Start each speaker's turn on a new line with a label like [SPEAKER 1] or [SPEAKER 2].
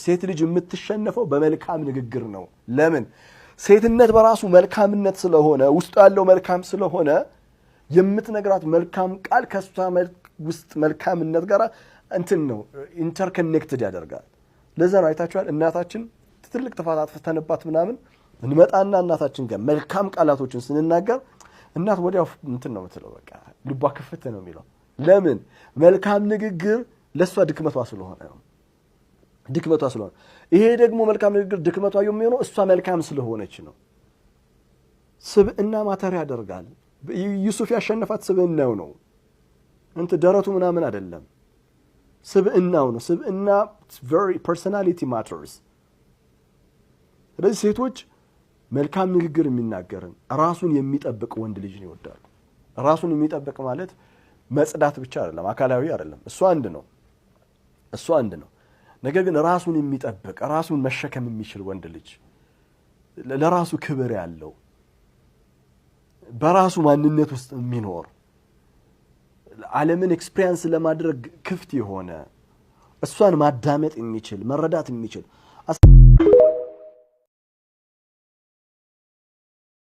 [SPEAKER 1] ሴት ልጅ የምትሸነፈው በመልካም ንግግር ነው። ለምን? ሴትነት በራሱ መልካምነት ስለሆነ ውስጡ ያለው መልካም ስለሆነ የምትነግራት መልካም ቃል ከእሷ ውስጥ መልካምነት ጋር እንትን ነው ኢንተርኮኔክትድ ያደርጋል። ለዛ ነው አይታችኋል፣ እናታችን ትልቅ ጥፋት አጥፍተንባት ምናምን እንመጣና እናታችን ጋር መልካም ቃላቶችን ስንናገር እናት ወዲያው እንትን ነው የምትለው፣ በቃ ልቧ ክፍት ነው የሚለው። ለምን? መልካም ንግግር ለእሷ ድክመቷ ስለሆነ ነው። ድክመቷ ስለሆነ ይሄ ደግሞ መልካም ንግግር ድክመቷ የሚሆነው እሷ መልካም ስለሆነች ነው። ስብእና ማተር ያደርጋል። ዩሱፍ ያሸነፋት ስብዕናው ነው። እንት ደረቱ ምናምን አይደለም፣ ስብዕናው ነው። ስብዕና ፐርሶናሊቲ ማተርስ። ስለዚህ ሴቶች መልካም ንግግር የሚናገርን ራሱን የሚጠብቅ ወንድ ልጅን ይወዳሉ። ራሱን የሚጠብቅ ማለት መጽዳት ብቻ አይደለም፣ አካላዊ አይደለም። እሱ አንድ ነው። እሱ አንድ ነው። ነገር ግን ራሱን የሚጠብቅ ራሱን መሸከም የሚችል ወንድ ልጅ ለራሱ ክብር ያለው በራሱ ማንነት ውስጥ የሚኖር ዓለምን ኤክስፒሪየንስ ለማድረግ ክፍት የሆነ እሷን ማዳመጥ የሚችል መረዳት የሚችል